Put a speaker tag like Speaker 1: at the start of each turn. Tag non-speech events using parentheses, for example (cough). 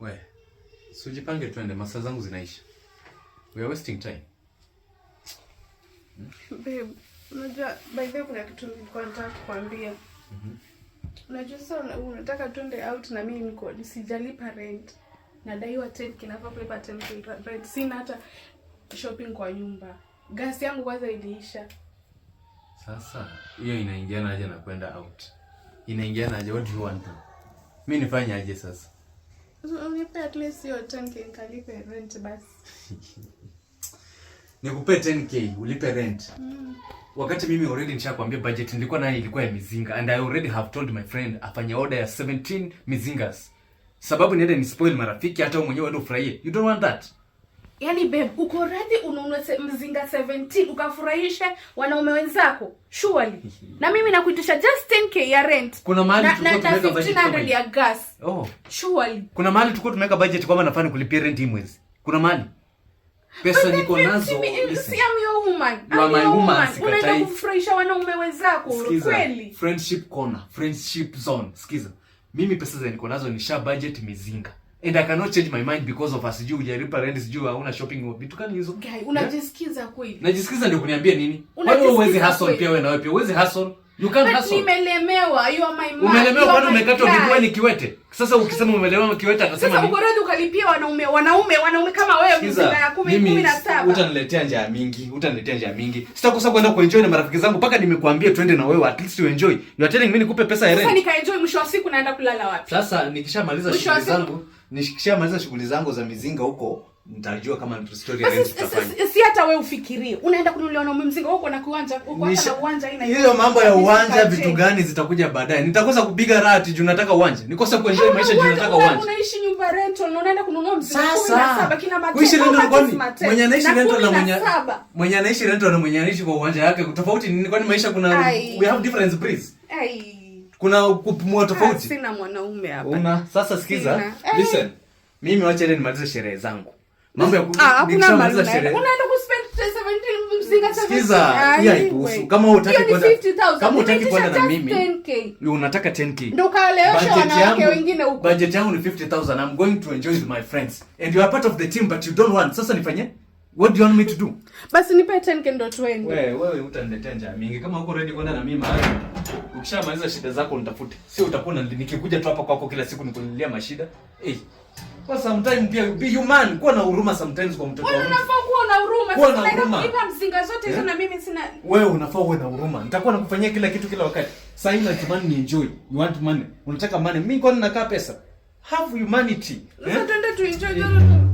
Speaker 1: We sujipange, twende, masaa zangu zinaisha. We are wasting time.
Speaker 2: Hmm? Babe, unajua by the way kuna kitu nilikuwa nataka kukwambia. Mm -hmm. Unajua sasa unataka twende out na mimi niko sijalipa rent. Nadaiwa 10k nafaa kulipa 10k rent. Sina hata shopping kwa nyumba. Gasi yangu kwanza iliisha.
Speaker 1: Sasa hiyo inaingiana aje na kwenda out? Inaingiana aje? What do you want? Mimi nifanye aje sasa?
Speaker 2: Unipe at least hiyo 10k nikalipe rent basi. (laughs)
Speaker 1: Nikupe 10k ulipe rent. Mm. Wakati mimi already nishakwambia budget nilikuwa nayo ilikuwa ya mizinga and I already have told my friend afanye order ya 17 mizingas. Sababu niende ni spoil marafiki hata wewe mwenyewe ndio ufurahie. You don't want that.
Speaker 2: Yaani babe, uko radhi ununue mzinga 17 ukafurahishe wanaume wenzako? Surely. (laughs) Na mimi nakuitisha just 10k ya rent.
Speaker 1: Kuna mahali tulikuwa tumeweka budget 1500 ya gas.
Speaker 2: Oh. Surely.
Speaker 1: Kuna mahali tulikuwa tumeweka budget kwamba nafanya kulipia rent hii mwezi. Kuna mahali. Pesa niko nazo. Si am
Speaker 2: your woman. You are my woman. Unaenda kufurahisha wanaume wenzako kweli?
Speaker 1: Friendship corner, friendship zone. Sikiza. Mimi pesa zangu niko nazo nisha budget mizinga and I cannot change my mind because of asiju hujalipa rent siju hauna shopping vitu kani hizo.
Speaker 2: Guy, unajisikiza kweli?
Speaker 1: Najisikiza ndio kuniambia nini? Wewe uwezi hustle pia wewe na wewe pia uwezi hustle. You can't But hustle.
Speaker 2: Nimelemewa. You are my man.
Speaker 1: Umelemewa kwani umekatwa miguu ni kiwete. Sasa ukisema umelemewa kiwete
Speaker 2: atasema Sasa uko radhi ukalipia wanaume wanaume wanaume kama wewe mzinga ya 10
Speaker 1: 17. Utaniletea njaa mingi, utaniletea njaa mingi. Sitakosa kwenda kuenjoy na marafiki zangu mpaka nimekuambia twende na wewe at least uenjoy. You are telling me nikupe pesa ya rent. Sasa
Speaker 2: nikaenjoy mwisho wa siku naenda kulala wapi?
Speaker 1: Sasa nikishamaliza shughuli zangu, nikishamaliza shughuli zangu za mizinga huko mtajua kama story
Speaker 2: arrange tutafanya. Si hata we ufikirie. Unaenda kununulia wanaume mzinga huko na kiwanja huko hata na uwanja ina
Speaker 1: hiyo mambo ya uwanja vitu gani zitakuja baadaye. Nitakosa kupiga rati juu nataka uwanja. Nikosa kuenjoy maisha juu nataka uwanja.
Speaker 2: Unaishi nyumba rental na unaenda kununua mzinga sasa.
Speaker 1: Kina matendo. Kuishi rental kwani mwenye anaishi rental na mwenye mwenye anaishi rental na mwenye anaishi kwa uwanja yake tofauti nini kwani maisha kuna we have difference please. Ai. Kuna kupumua ah, tofauti.
Speaker 2: Sina mwanaume hapa.
Speaker 1: Una sasa sikiza. Listen. Mimi wacha ile nimalize sherehe zangu mambo ya ah, hakuna mali unaenda 17 17
Speaker 2: kama kwenda kama kwenda na mimi
Speaker 1: unataka 10k
Speaker 2: ndio wanawake wengine huko
Speaker 1: budget yangu ni 50000 i'm going to enjoy with my friends and you are part of the team but you don't want sasa nifanye What do you want me to do?
Speaker 2: Basi nipe 10 kendo 20.
Speaker 1: Wewe wewe utaniletea njaa mingi. Kama uko ready kwenda na mimi mahali. Ukishamaliza shida zako nitafute. Si utakuwa nikikuja tu hapa kwako kila siku nikunilia mashida. Eh. Hey. Kwa sometimes pia be human, kuwa na huruma sometimes kwa mtoto
Speaker 2: wako. Wewe unafaa kuwa na huruma. Kuwa na huruma. Nipa mzinga zote hizo eh? na mimi sina.
Speaker 1: Wewe unafaa uwe na huruma. Nitakuwa nakufanyia kila kitu kila wakati. Sasa hii natamani ni enjoy. You want money. Unataka money. Mimi kwani nakaa pesa. Have humanity. Sasa eh? Tuende tu enjoy. Yeah.